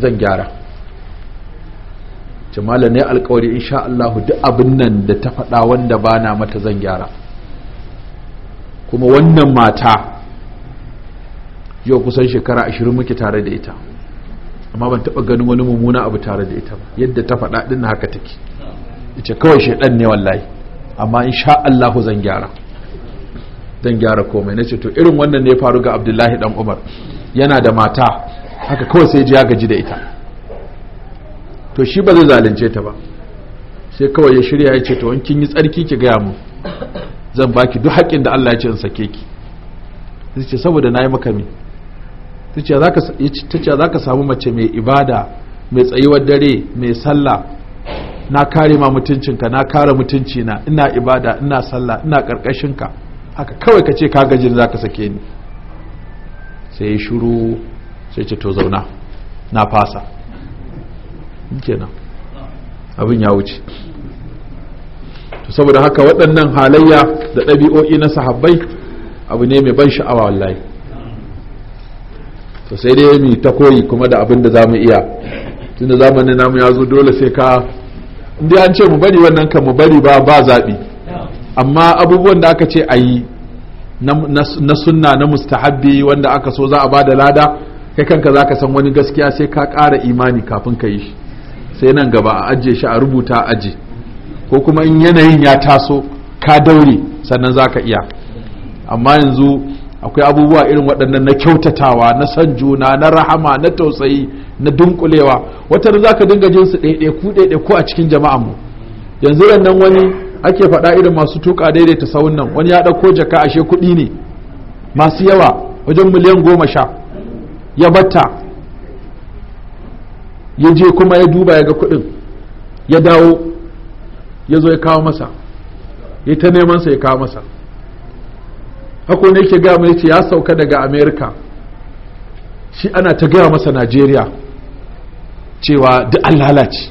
zan gyara ce ne alkawari insha Allah duk abin nan da ta faɗa wanda ba na mata zan gyara kuma wannan mata yau kusan shekara ashirin muke tare da ita amma ban taɓa ganin wani mummuna abu tare da ita ba yadda ta faɗa ɗin haka take ce kawai shaidan ne wallahi amma in sha Allahu zan gyara zan gyara komai na to irin wannan ne ya faru ga abdullahi dan umar yana da mata haka kawai sai ji ya gaji da ita to shi ba zai zalunce ta ba sai kawai ya shirya ya ce to kin yi tsarki ki gaya mu zan baki duk haƙin da Allah ya ce in sake ki sai ce saboda na yi maka mi ta ce za ka samu mace mai ibada mai tsayuwar dare mai sallah na kare ma mutuncinka na kare mutuncina ina ibada ina sallah ina ka haka kawai kace ka gaji za ka sake ni sai ya shuru sai ce to zauna na fasa kenan abin ya wuce saboda haka waɗannan halayya da ɗabi'o'i na sahabbai abu ne mai ban sha'awa wallahi to sai dai mu ta koyi kuma da abin da za mu iya tunda zamanin namu ya zo dole sai ka dai an ce mu bari wannan kan mu bari ba ba zaɓi amma abubuwan da aka ce a yi na sunna na mustahabbi wanda aka so za a ba da lada kai kanka za ka san wani gaskiya sai ka ƙara imani kafin ka yi shi sai nan gaba a ajiye shi a rubuta a aje ko kuma in yanayin ya taso ka daure sannan za ka iya amma yanzu akwai abubuwa irin waɗannan na kyautatawa na san juna na rahama na tausayi na dunkulewa wata za ka dinga jin su ɗaiɗai ku ɗaiɗai ku a cikin jama'an mu yanzu nan wani ake faɗa irin masu tuka daidaita sawun nan wani ya ɗauko jaka ashe kuɗi ne masu yawa wajen miliyan goma sha ya batta ya je kuma ya duba ya ga kuɗin ya dawo ya zo ya kawo masa ya ta neman sa ya kawo masa hako ne yake gaya mai ce ya sauka daga Amurika shi ana ta gaya masa najeriya cewa duk an lalace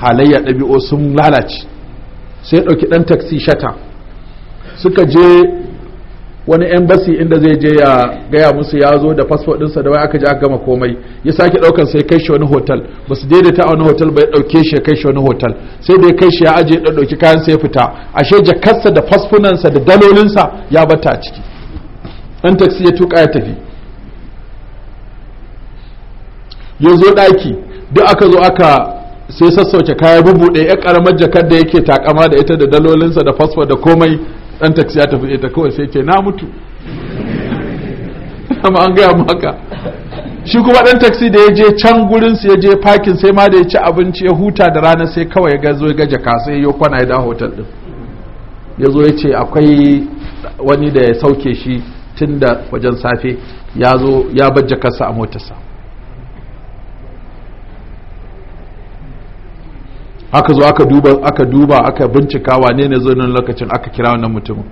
halayya ɗabi'o sun lalace sai ɗauki ɗan taksi shata suka je wani embassy inda zai je ya gaya musu ya zo da passport ɗinsa da wai aka je aka gama komai ya sake ɗaukar sai kai shi wani hotel ba su daidaita a wani hotel ba ya ɗauke shi ya kai shi wani hotel sai da ya kai shi ya aje ya ɗauki kayan sai ya fita ashe jakarsa da fasfunansa da dalolinsa ya bata a ciki ɗan taxi ya tuka ya tafi ya zo ɗaki duk aka zo aka sai sassauce kaya rubuɗe ya ƙaramar jakar da yake takama da ita da dalolinsa da fasfo da komai dan taksi ya tafi ita eh, kawai sai ce na mutu amma an gaya maka shi kuma ɗan taksi da ya je can gurin su ya je pakin sai ma da ya ci abinci ya huta da rana sai kawai ya zo ya gaje kasa ya kwana ya da hotel din ya zo ya ce akwai wani da ya sauke shi tun da wajen safe ya zo ya bajja kasa a motarsa aka zo aka duba aka duba aka bincika wane ne zo nan lokacin aka kira wannan mutumin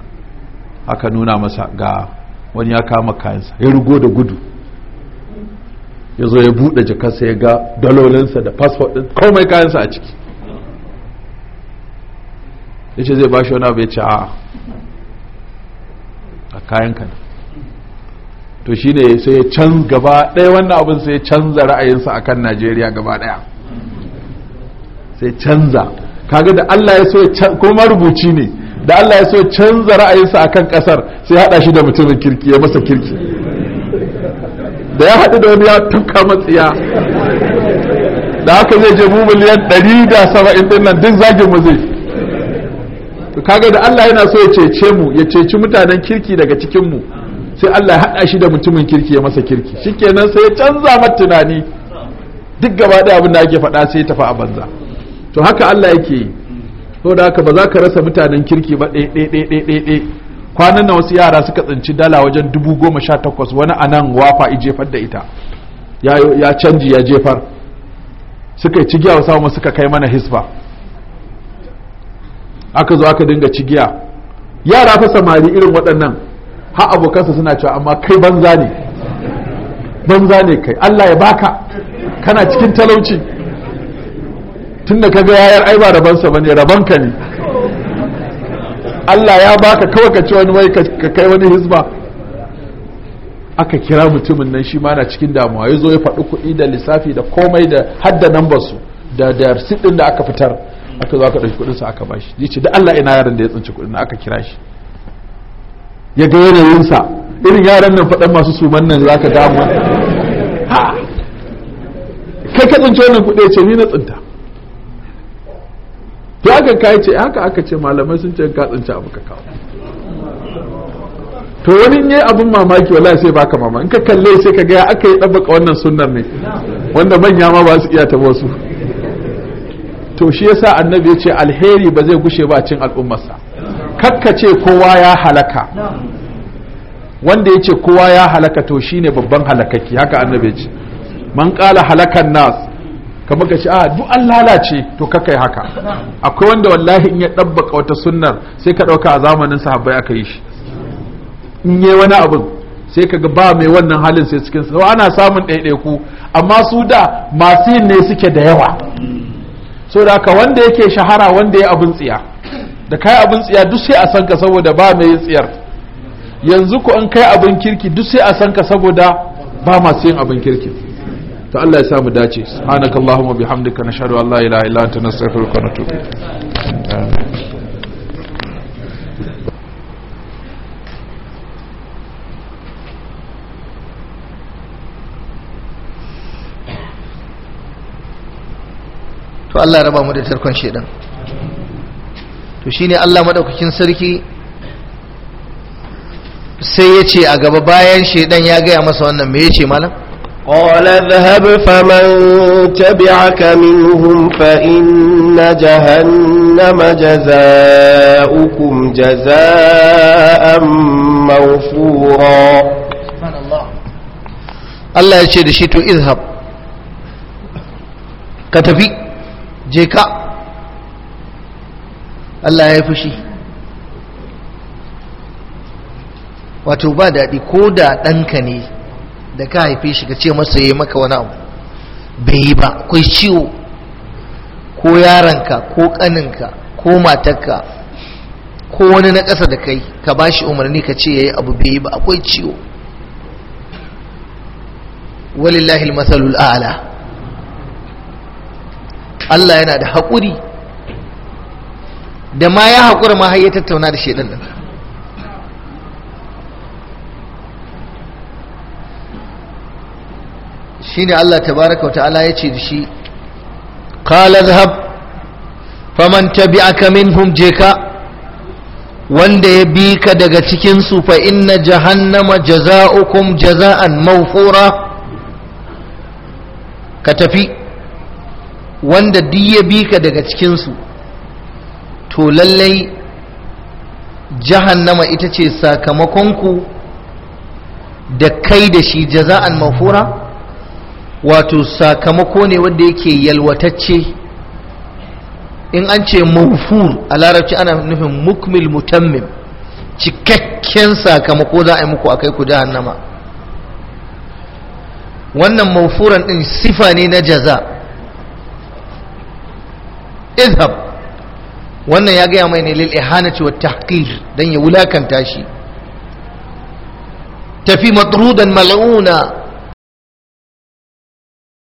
aka nuna masa ga wani ya kama kayansa ya rugo da gudu ya zo ya buɗe jikarsa ya ga dalolinsa da fasfot ɗin komai kayansa a ciki ya ce zai bashi wani abu ya ce a a kayanka ne to shine sai ya canza gaba ɗaya wannan abin sai ya canza ra'ayinsa akan najeriya gaba ɗaya sai canza kaga da Allah ya so kuma rubuci ne da Allah ya so canza ra'ayinsa akan kasar sai hada shi da mutumin kirki ya masa kirki da ya haɗu da wani ya tafka matsiya da haka zai je mu miliyan ɗari da saba'in ɗin zagin mu zai kaga da Allah yana so ya cece mu ya ceci mutanen kirki daga cikin mu sai Allah ya haɗa shi da mutumin kirki ya masa kirki shikenan sai ya canza mata tunani duk gaba da abin da ake faɗa sai ya tafi a banza to haka Allah yake yi so da haka ba za ka rasa mutanen kirki ba ɗaiɗaiɗaiɗaiɗai kwanan na wasu yara suka tsinci dala wajen dubu goma sha takwas wani a nan wafa i jefar da ita ya canji ya jefar suka yi cigiya wasu amma suka kai mana hisba aka zo aka dinga cigiya yara fa samari irin waɗannan ha abokansa suna cewa amma kai banza ne banza ne kai Allah ya baka kana cikin talauci tun da kaga yayar ai ba rabansa bane rabanka ne Allah ya baka kawai ka ci wani wai ka kai wani hizba aka kira mutumin nan shi ma na cikin damuwa ya zo ya faɗi kuɗi da lissafi da komai da hadda nambar su da da din da aka fitar aka zo aka ɗauki kuɗinsa aka bashi ya ce da Allah ina yaran da ya tsinci kuɗin aka kira shi ya ga yanayinsa irin yaran nan faɗan masu suman nan za ka damu kai ka tsinci wannan kuɗi ya ce ni na tsinta to aka kai ce haka aka ce malamai sun ce ka tsince abu ka kawo to wani ne abin mamaki wallahi sai baka mama in ka kalle sai ka ga aka yi dabbaka wannan sunnan ne wanda manya ma ba su iya ta su to shi yasa annabi ya ce alheri ba zai gushe ba a cin al'ummarsa kakkace kowa ya halaka wanda ya ce kowa ya halaka to shine babban halakaki haka annabi ya ce man qala halakan nas kamar ka ce a ah, duk an lalace to kakai haka akwai wanda wallahi in ya ɗabbaka wata sunnar sai ka ɗauka a zamanin sahabbai aka yi shi in yi wani abin sai ka ga ba mai wannan halin sai cikin sau ana samun ɗaiɗaiku amma su da masu yin ne suke da yawa so da haka wanda yake shahara wanda ya abin tsiya da kai abin tsiya duk sai a san ka saboda ba mai yin tsiyar yanzu ko an kai abin kirki duk sai a san ka saboda ba masu yin abin kirki to Allah ya sa mu dace subhanakallahumma bihamdika nashhadu an la ilaha illa anta nastaghfiruka wa natubu ilaik to Allah raba mu da tarkon shedan to shine Allah madaukakin sarki sai ya ce a gaba bayan shedan ya gaya masa wannan me ya ce malam قال اذهب فمن تبعك منهم فإن جهنم جزاؤكم جزاء موفورا Allah ya ce da shi to izhab ka tafi je Allah ya wato ba ko ɗanka ne da ka haife shi ka ce masa ya maka wani abu bai yi ba akwai ciwo ko yaranka ko kaninka ko matarka ko wani na ƙasa da kai ka ba shi umarni ka ce ya yi abu bai yi ba akwai ciwo walillahi masalul ala Allah yana da haƙuri da ma ya haƙura ma har ya tattauna da shaidan nan shine Allah tabaraka wa ta'ala ya ce da shi qala zahab faman tabi'aka minhum jeka wanda ya bi ka daga cikin su fa inna jahannama jaza'ukum jaza'an mawfura ka tafi wanda duk ya bi ka daga cikin su to lallai jahannama ita ce sakamakon ku da kai da shi jaza'an mafura wato sakamako ne wanda yake yalwatacce in an ce mafur a larabci ana nufin mukmil mutammim cikakken sakamako za a yi muku a kai ku jahannama wannan mawfuran din sifa ne na jaza izhab wannan ya gaya mai ne lil ihanati wa tahqir dan ya wulakanta shi tafi matrudan mal'una